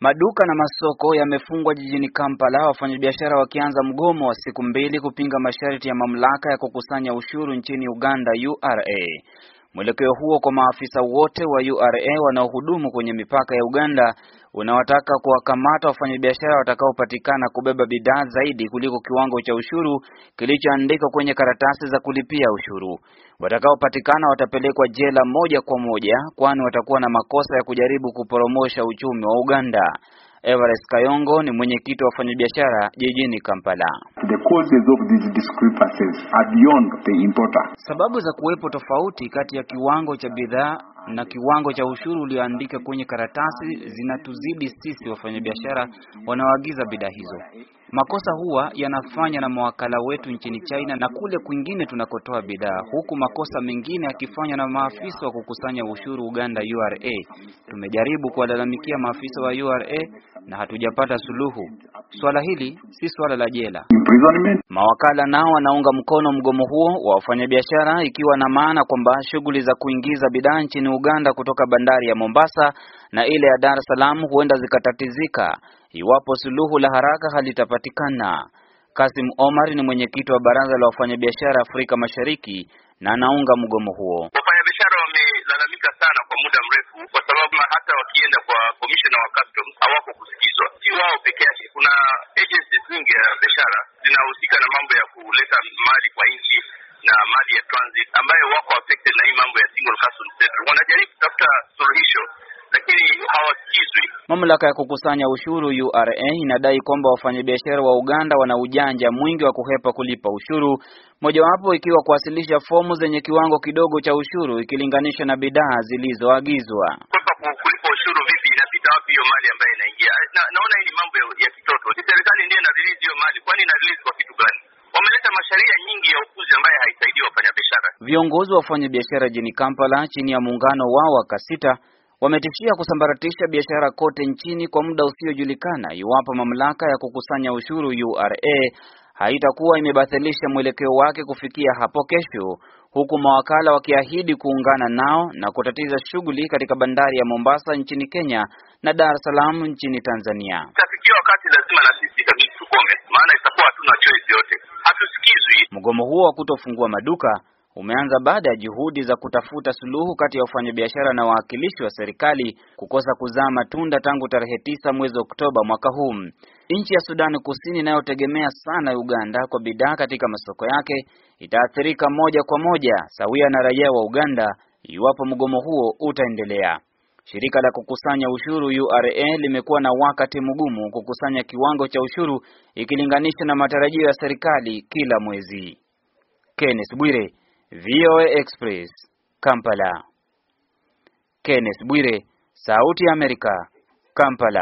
Maduka na masoko yamefungwa jijini Kampala, wafanyabiashara wakianza mgomo wa siku mbili kupinga masharti ya mamlaka ya kukusanya ushuru nchini Uganda URA. Mwelekeo huo kwa maafisa wote wa URA wanaohudumu kwenye mipaka ya Uganda unawataka kuwakamata wafanyabiashara watakaopatikana kubeba bidhaa zaidi kuliko kiwango cha ushuru kilichoandikwa kwenye karatasi za kulipia ushuru. Watakaopatikana watapelekwa jela moja kwa moja, kwani watakuwa na makosa ya kujaribu kuporomosha uchumi wa Uganda. Everest Kayongo ni mwenyekiti wa wafanyabiashara jijini Kampala. The causes of these discrepancies are beyond the importer. Sababu za kuwepo tofauti kati ya kiwango cha bidhaa na kiwango cha ushuru ulioandika kwenye karatasi zinatuzidi sisi wafanyabiashara wanaoagiza bidhaa hizo. Makosa huwa yanafanya na mawakala wetu nchini China na kule kwingine tunakotoa bidhaa, huku makosa mengine yakifanywa na maafisa wa kukusanya ushuru Uganda URA. Tumejaribu kuwalalamikia maafisa wa URA na hatujapata suluhu. Swala hili si swala la jela. Mawakala nao wanaunga mkono mgomo huo wa wafanyabiashara, ikiwa na maana kwamba shughuli za kuingiza bidhaa nchini Uganda kutoka bandari ya Mombasa na ile ya Dar es Salaam huenda zikatatizika iwapo suluhu la haraka halitapatikana. Kasim Omar ni mwenyekiti wa baraza la wafanyabiashara Afrika Mashariki na anaunga mgomo huo. peke yake. Kuna agencies nyingi ya biashara zinahusika na mambo ya kuleta mali kwa nchi na mali ya transit ambayo wako affected na hii mambo ya single customs center. Wanajaribu kutafuta suluhisho lakini hawasikizwi. Mamlaka ya kukusanya ushuru URA inadai kwamba wafanyabiashara wa Uganda wana ujanja mwingi wa kuhepa kulipa ushuru, mojawapo ikiwa kuwasilisha fomu zenye kiwango kidogo cha ushuru ikilinganisha na bidhaa zilizoagizwa. mali, kwani inalizi kwa kitu gani? Wameleta masharia nyingi ya ukuzi ambaye haisaidii wafanyabiashara. Viongozi wa wafanyabiashara jini Kampala chini ya muungano wao wa Kasita wametishia kusambaratisha biashara kote nchini kwa muda usiojulikana iwapo mamlaka ya kukusanya ushuru URA haitakuwa imebathilisha mwelekeo wake kufikia hapo kesho, huku mawakala wakiahidi kuungana nao na kutatiza shughuli katika bandari ya Mombasa nchini Kenya na Dar es Salaam nchini Tanzania. Itafikia wakati lazima na sisi tusome, maana itakuwa hatuna choice yote, hatusikizwi. Mgomo huo wa kutofungua maduka umeanza baada ya juhudi za kutafuta suluhu kati ya wafanyabiashara na wawakilishi wa serikali kukosa kuzaa matunda tangu tarehe tisa mwezi Oktoba mwaka huu. Nchi ya Sudani Kusini inayotegemea sana Uganda kwa bidhaa katika masoko yake itaathirika moja kwa moja, sawia na raia wa Uganda, iwapo mgomo huo utaendelea. Shirika la kukusanya ushuru URA limekuwa na wakati mgumu kukusanya kiwango cha ushuru ikilinganisha na matarajio ya serikali kila mwezi. Kenneth Bwire, VOA Express, Kampala. Kenneth Bwire, Sauti ya Amerika, Kampala.